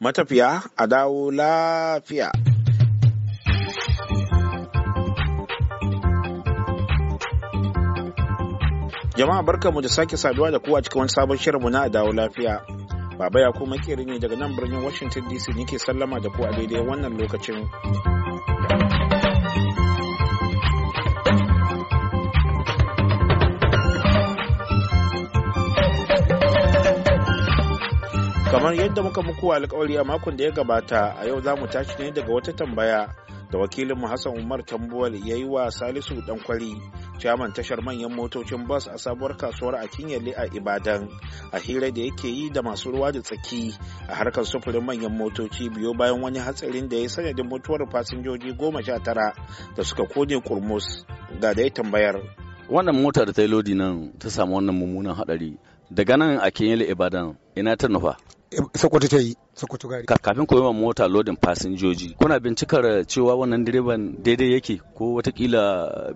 matafiya a dawo lafiya. Jama'a barkanmu da sake saduwa da kowa cikin wani sabon shirinmu na dawo lafiya. Baba ya kuma ne daga nan birnin Washington DC ke sallama da ku a daidai wannan lokacin. kamar yadda muka muku alkawari a makon da ya gabata a yau za mu tashi ne daga wata tambaya da wakilin mu hassan umar tambuwal ya yi wa salisu kwari chairman tashar manyan motocin bas a sabuwar kasuwar a kinyale a ibadan a hira da yake yi da masu ruwa da tsaki a harkar sufurin manyan motoci biyo bayan wani hatsarin da ya sanadin mutuwar fasinjoji goma sha tara da suka kone kurmus ga da ya tambayar wannan mota da ta yi lodi nan ta samu wannan mummunan hadari daga nan a kinyale ibadan ina ta nufa Sokoto ta yi Sokoto gari. Kafin ku yawan mota loading fasinjoji kuna bincikar cewa wannan direban daidai yake ko watakila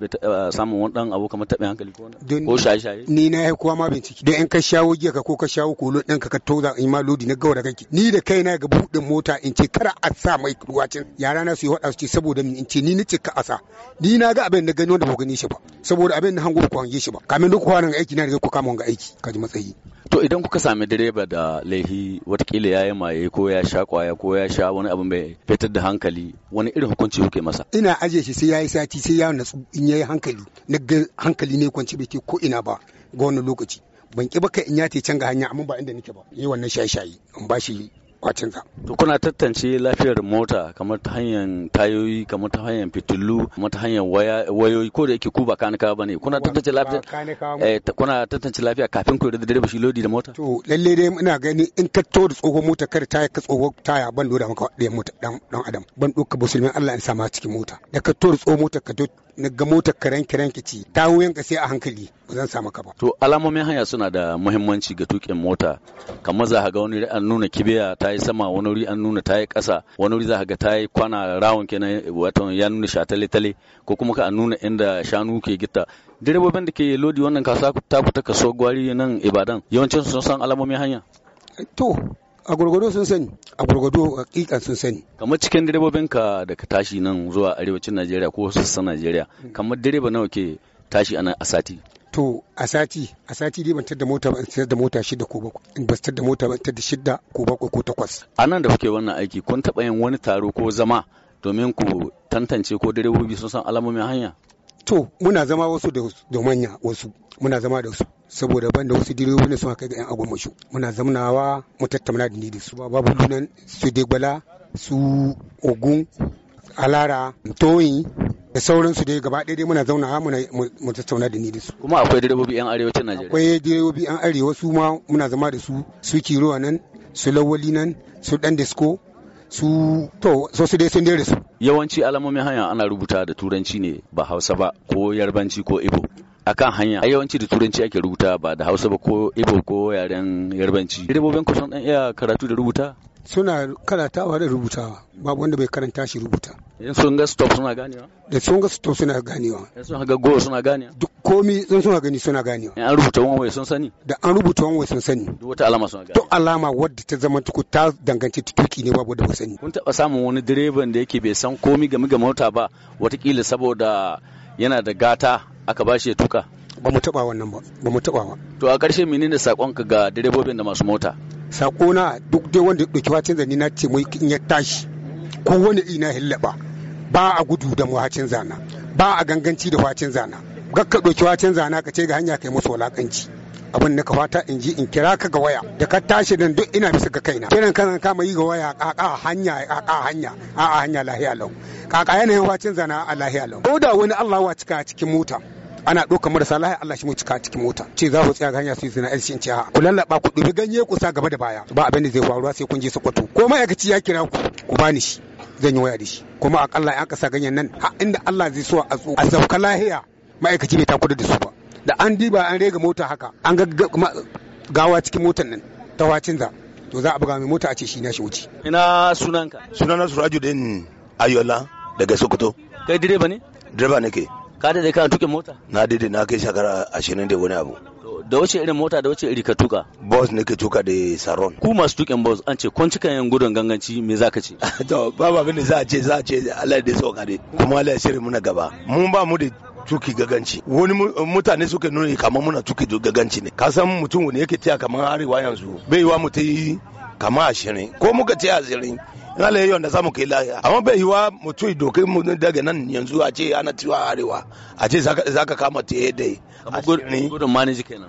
eh, samun wani dan abu kamar taɓin hankali ko ko shaye-shaye. Ni na yi kowa ma bincike don in ka shawo giya ka ko ka shawo kolo ɗin ka ka tauza in ma lodi na gawar da kake. Ni da na ga buɗin mota in ce kara a sa mai ruwacin yara na su yi waɗa su ce saboda in ce ni ni ce ka a sa. Ni na ga abin da gani wanda ba gani shi ba saboda abin da hango ku hange shi ba. Kamin duk kwanan aiki na da ku kama wanga aiki ka ji matsayi. to idan kuka sami direba da laihi watakila ya yi maye ko ya sha kwaya ko ya sha wani abu mai fitar da hankali wani irin hukunci kuke masa ina ajiye shi sai ya yi sati sai ya natsu in ya yi hankali na hankali ne kwanci bai ke ko ina ba ga wani lokaci ban ki baka in ya te can ga hanya amma ba inda nake ba yi wannan shaye-shaye in ba shi kwacinsa. To kuna tantance lafiyar mota kamar ta hanyar tayoyi kamar ta hanyar fitilu kamar ta hanyar wayoyi ko da yake ku ba kanika ba ne kuna tantance lafiyar eh, kuna tantance lafiya kafin ku da direba shi lodi da mota. To lalle dai ina gani in ka to da tsohon mota kar taya ka tsohon taya ban loda maka ɗaya mota dan adam ban ɗauka musulmin Allah in ma cikin mota da ka to da tsohon mota ka na ga motar ka ranki ranki ci tayoyin ka sai a hankali zan samu maka ba. To alamomin hanya suna da muhimmanci ga tukin mota kamar za ga wani an nuna kibiya ta yi sama wani wuri an nuna ta yi ƙasa wani wuri za ga ta yi kwana rawon kenan wato ya nuna shatale tale ko kuma ka nuna inda shanu ke gita direbobin da ke lodi wannan kasa ta fita kaso gwari nan ibadan yawancin sun san alamomin hanya. To a gurgudu sun sani a gurgudu hakikan sun sani kamar cikin direbobin ka da ka tashi nan zuwa arewacin najeriya ko sassan najeriya hmm. kamar direba nawa ke tashi a sati to a sati a sati dai ban da mota ban da mota shida ko bakwai in ban da mota ban da shida ko bakwai ko takwas a nan da kuke wannan aiki kun taɓa yin wani taro ko zama domin ku tantance ko direbobi sun san alamomin hanya to muna zama wasu da manya wasu muna zama da wasu saboda ban da wasu direbobi ne sun kai ga yan agwamashu muna zamnawa mu tattauna da ni da su babu lunan su degbala su ogun alara toyin da sauransu dai gaba ɗaya dai muna zauna muna mu tattauna da ni da su kuma akwai direbobi yan arewacin Najeriya akwai direbobi yan arewa su ma muna zama da su su kiruwa nan su lawali nan su dan disko su to so su dai sun dare su yawanci alamomin hanya ana rubuta da turanci ne ba Hausa ba ko yarbanci ko Ibo akan hanya a yawanci da turanci ake rubuta ba da hausa ba ko ibo ko yaren yarbanci direbobin ku sun dan iya karatu da rubuta suna karatawa da rubutawa babu wanda bai karanta shi rubuta in sun ga stop suna ganewa da sun ga stop suna ganewa in sun ga go suna ganewa duk komi in suna gani suna ganewa in an rubuta wani sun sani da an rubuta wani sun sani duk wata alama suna ganewa duk alama wadda ta zama tuku ta danganci tuki ne babu da ba sani kun taba samun wani direban da yake bai san komi game ga mota ba watakila saboda yana da gata aka bashi ya tuka ba mu taba wannan ba ba mu taba ba to a ƙarshe menene sakonka ga direbobin da masu mota sakona duk dai wanda ya dauki wacin zani na ce mu in ya tashi ko wani ina hillaba ba a gudu da muhacin zana ba a ganganci da wacin zana gakka ɗauki wacin zana ka ce ga hanya kai musu wulakanci abin da ka fata in ji in kira ka ga waya da ka tashi nan duk ina bisa ga kaina kiran kan kama yi ga waya a hanya a hanya a hanya lahiya lau kaka yanayin wacin zana a lahiya lau ko da wani Allah wa cika cikin mota ana ɗaukar marasa lahiya Allah shi mu cika cikin mota ce za ku tsaya ga hanya su zina yar shi ha ku lallaɓa ku ɗubi ganye ku sa gaba da baya ba abin da zai faruwa sai kun je kwato ko ma'aikaci ya kira ku ku bani shi zan yi waya da shi kuma akalla an kasa ganyen nan a inda Allah zai so a tso a sauka lahiya ma'aikaci bai takuda da su ba da an diba an rega mota haka an ga gawa cikin motar nan ta wacin za to za a buga mai mota a ce shi na shi wuce ina sunanka sunana Surajuddin Ayola daga Sokoto kai direba ne direba nake ka dai ka tuke mota na daidai na kai shakara 20 da wani abu da wace irin mota da wace iri ka tuka bus ke tuka da saron ku masu tukin bus an ce kun cika yan gudun ganganci me zaka ce to baba bin za a ce za a ce Allah ya so kare kuma Allah ya shirye muna gaba mun ba mu da tuki gaganci wani mutane suke nuni kamar muna tuki gaganci ne ka san mutum wani yake tiya kamar arewa yanzu bai wa mutum kamar ashirin ko muka ce ashirin in Allah ya da mu kai lahiya amma bai wa mutum dokin mu daga nan yanzu a ce ana tiwa arewa a ce ka kama ta yadda gudun manage kenan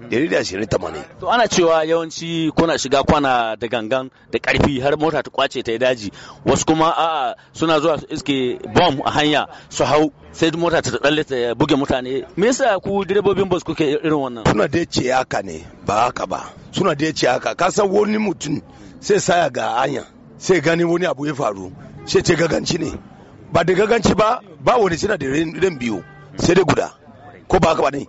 120 to ana cewa yawanci kuna shiga kwana da gangan da karfi har mota ta kwace ta daji wasu kuma a'a suna zuwa su iske bom a hanya su hau sai mota ta dalle ta buge mutane me yasa ku direbobin bus kuke irin wannan suna da ce haka ne ba haka ba suna da ce haka ka san wani mutum sai saya ga hanya sai gani wani abu ya faru sai ce gaganci ne ba da gaganci ba ba wani suna da ran biyu sai dai guda ko ba haka ba ne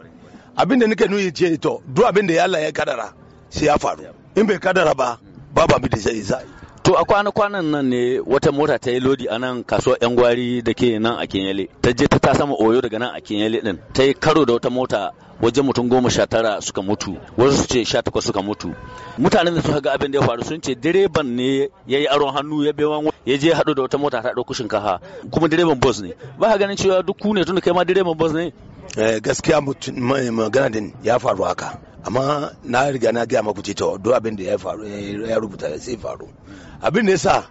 abin da nake nuyi ce to du abin da ya Allah ya kadara sai ya faru in bai kadara ba babu abin da zai zai to a kwana kwanan nan ne wata mota ta yi lodi a nan kasuwar yan gwari da ke nan a kenyale ta je ta sama oyo daga nan a kenyale din ta yi karo da wata mota wajen mutum goma sha tara suka mutu wasu su ce sha takwas suka mutu mutanen da suka ga abin da ya faru sun ce direban ne ya yi aron hannu ya bewan ya je haɗu da wata mota ta ɗauko shinkafa kuma direban bus ne ba ka ganin cewa duk ku ne tun da kai ma direban bus ne Eh, gaskiya magana din ya faru haka amma na riga na gaya maku cewa duk abin da ya faru eh, ya rubuta sai faru abin da yasa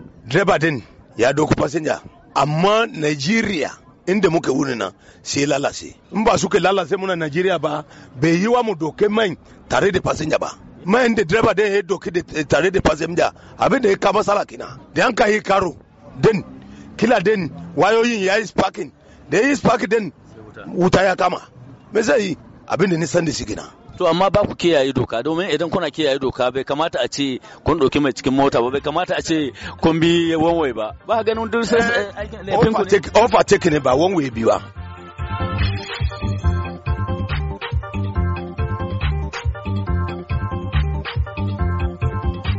sa din ya doku fasinja amma nigeria inda muka wuni nan sai lalace in ba kai lalace muna nigeria ba bai yi wa mu doke mai tare da fasinja ba mai da driver din ya doki eh, tare da fasinja abin da ya kama sala kina da an ka yi karo din kila din wayoyin ya yi sparking da ya yi sparking din wuta ya kama me zai yi abin da nisan da shi gina to amma ba ku kiyaye doka domin idan kuna kiyaye doka bai kamata a ce kun ɗauki mai cikin mota ba bai kamata a ce kun bi wanwai ba ba ganin dun sai eh, laifin ku ne ne ba wanwai bi ba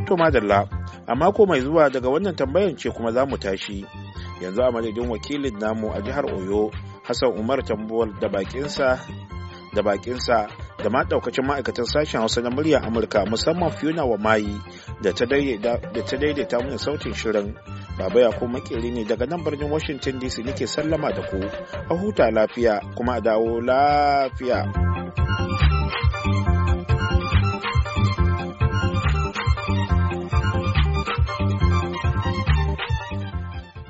to madalla a mako mai zuwa daga wannan tambayan ce kuma za mu tashi yanzu a madadin wakilin namu a jihar oyo hassan umar tambuwal da bakinsa da bakinsa da ma daukacin ma'aikatan sashen hausa na murya amurka musamman fiona wa mayi da ta daidaita mana sautin shirin baba ya kuma makeri ne daga nan birnin washington dc nake sallama da ku a huta lafiya kuma a dawo lafiya